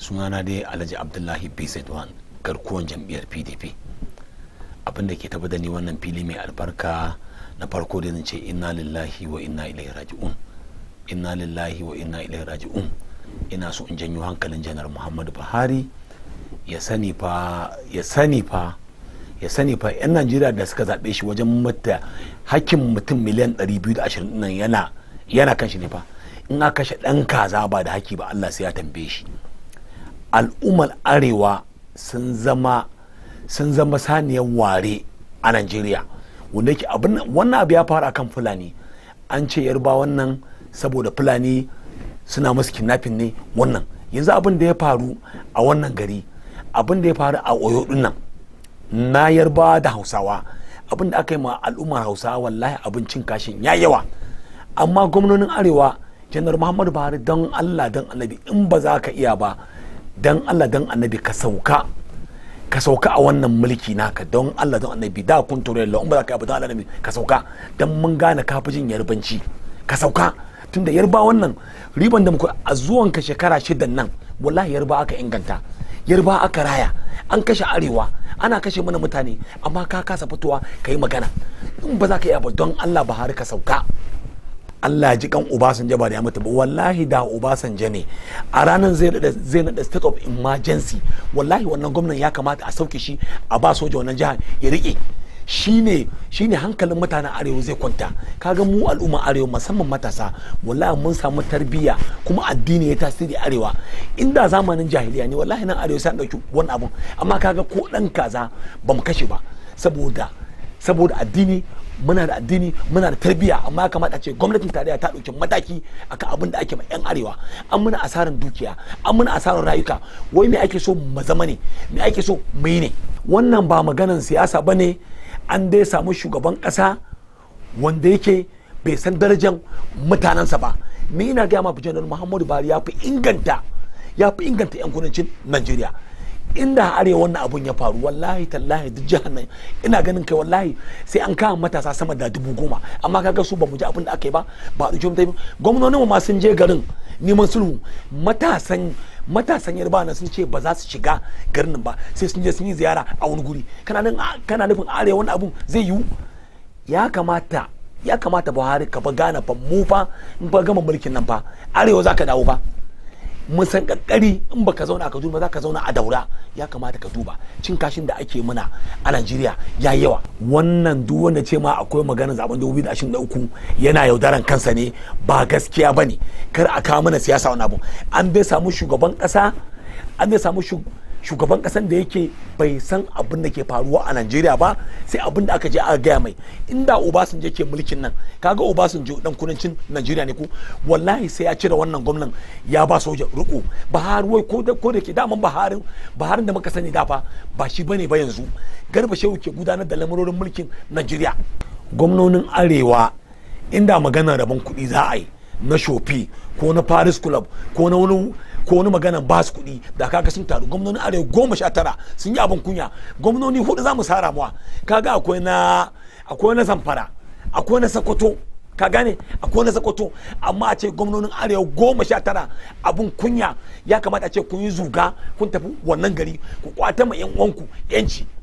sunana dai alhaji abdullahi bz1 garkuwan jam'iyyar pdp abin da ke taba da ni wannan fili mai albarka na farko da ce inna lillahi wa inna ilaihi raji'un inna lillahi wa inna ilaihi raji'un ina so in janyo hankalin janar muhammadu buhari ya sani fa ya sani fa yan najeriya da suka zaɓe shi wajen mata hakkin mutum miliyan 220 nan yana yana kan shi ne fa in aka kashe ɗan kaza ba da haki ba allah sai ya tambaye shi al'ummar arewa sun zama sun zama saniyar ware a najeriya wanda yake abin wannan abu ya fara akan fulani an ce yarba wannan saboda fulani suna masu kidnapping ne wannan yanzu abin da ya faru a wannan gari abin da ya faru a oyo dinnan na yarba da hausawa abin da aka yi ma al'ummar hausawa wallahi abin cin kashin ya yawa amma gwamnonin arewa janar muhammadu buhari don allah don annabi in ba za ka iya ba dan Allah dan annabi ka sauka ka sauka a wannan mulki naka don Allah don annabi da kun tore Allah umma ka abuda Allah annabi ka sauka dan mun gane ka fi jin yarbanci ka sauka tunda yarba wannan riban da muku a zuwan ka shekara shidan nan wallahi yarba aka inganta yarba aka raya an kashe arewa ana kashe mana mutane amma ka kasa fitowa ka magana in ba za ka yi don Allah ba har ka sauka Allah ji kan Obasanjo ba da ya mutu ba wallahi da Obasanjo ne a ranar zai nada zai nada state of emergency wallahi wannan gwamnan ya kamata a sauke shi a ba soja wannan jihar ya rike shine shine hankalin mutanen arewa zai kwanta kaga mu al'umma arewa musamman matasa wallahi mun samu tarbiyya kuma addini ya tasiri arewa inda zamanin jahiliya ne wallahi nan arewa sai an dauki wani abu amma kaga ko dan kaza bamu kashe ba saboda saboda addini muna da addini muna da tarbiyya amma kamata ce gwamnatin tarayya ta ɗauki mataki akan abin da ake ma yan arewa an muna asarar dukiya an muna asarar rayuka wai me ake so mu zama ne me ake so mu ne wannan ba maganan siyasa ba ne an dai samu shugaban ƙasa wanda yake bai san darajar mutanensa ba ni ina gaya ma janar muhammadu buhari ya fi inganta ya fi inganta yan kudancin najeriya inda arewa wannan abun ya faru wallahi tallahi duk jihar nan ina ganin kai wallahi sai an kama matasa sama da dubu goma amma ka ga su ba mu ji abin da aka yi ba ba a jumta ba gwamnonin ma sun je garin neman sulhu matasan matasan yarba na sun ce ba za su shiga garin nan ba sai sun je sun yi ziyara a wani guri kana nufin arewa wannan abun zai yiwu ya kamata ya kamata buhari ka ba gana fa mu fa in ba gama mulkin nan ba arewa za ka dawo ba. musan kakkari in baka zauna a Kaduna ba za ka zauna a Daura ya kamata ka duba cin kashin da ake muna a Najeriya ya yawa wannan duk wanda ce ma akwai maganar zaben 2023 yana yaudaran kansa ne ba gaskiya bane kar a kawo mana siyasa wani abu an bai samu shugaban kasa an bai samu shugaban shugaban kasan da yake bai san abin da ke faruwa a Najeriya ba sai abin da aka je aka gaya mai inda Obasanjo ke mulkin nan kaga Obasanjo dan kudancin Najeriya ne ko wallahi sai ya cire wannan gwamnan ya ba soja ruku Bahar wai ko da ko da ke daman Bahar Baharin da muka sani da fa ba shi bane ba yanzu Garba Shehu ke gudanar da lamurorin mulkin Najeriya gwamnonin arewa inda maganar rabon kuɗi za a yi na shofi ko na paris club ko na wani ko wani magana ba su kuɗi da kaga sun taru gwamnoni arewa goma sha tara sun yi abin kunya gwamnoni hudu za mu sara muwa kaga akwai na akwai na zamfara akwai na sokoto ka gane akwai na sokoto amma a ce gwamnonin arewa goma sha tara abin kunya ya kamata ce kun yi zuga kun tafi wannan gari ku kwata ma yan uwanku yanci